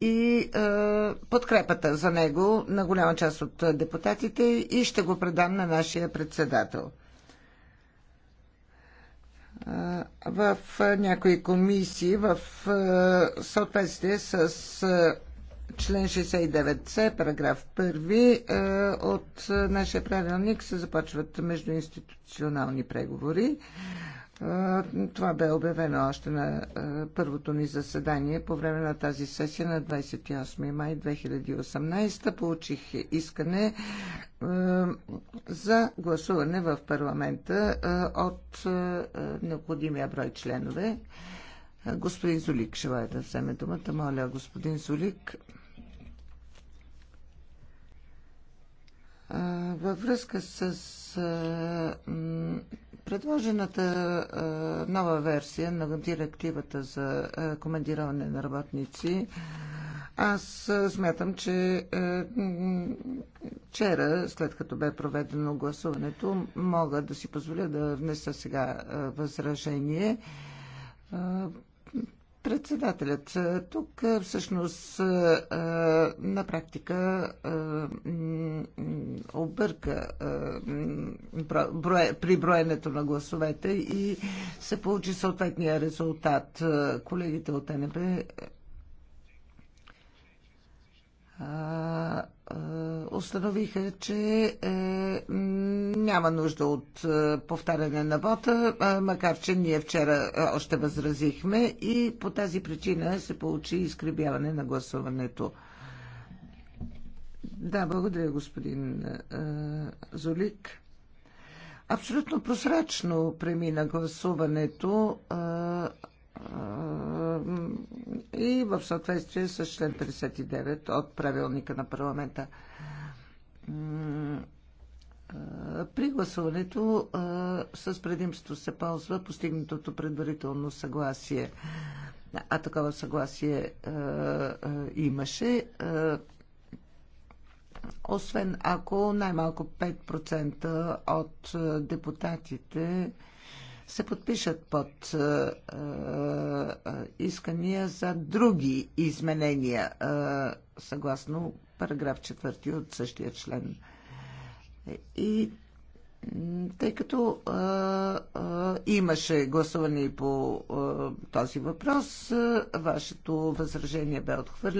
и е, подкрепата за него на голяма част от депутатите и ще го предам на нашия председател. Е, в е, някои комисии, в е, съответствие с член 69c, параграф 1 от нашия правилник, се започват междуинституционални преговори. Това бе обявено още на първото ни заседание по време на тази сесия на 28 май 2018. Получих искане за гласуване в парламента от необходимия брой членове. Господин Зулик желая да вземе думата. Моля, господин Зулик. Във връзка с Предложената нова версия на директивата за командироване на работници аз смятам, че а, вчера, след като бе проведено гласуването, мога да си позволя да внеса сега а, възражение. Председателят, тук всъщност на практика обърка при броенето на гласовете и се получи съответния резултат. Колегите от НП установиха, че е, няма нужда от е, повтаряне на вота, е, макар че ние вчера е, още възразихме и по тази причина се получи изкребяване на гласуването. Да, благодаря, господин е, Золик. Абсолютно прозрачно премина гласуването. Е, е и в съответствие с член 59 от правилника на парламента при гласуването с предимство се ползва постигнатото предварително съгласие. А такова съгласие имаше освен ако най-малко 5% от депутатите се подпишат под а, е, а, е, е, искания за други изменения, а, съгласно параграф 4 от същия член. И тъй като а, а, имаше гласуване по а, този въпрос, а, вашето възражение бе отхвърлено.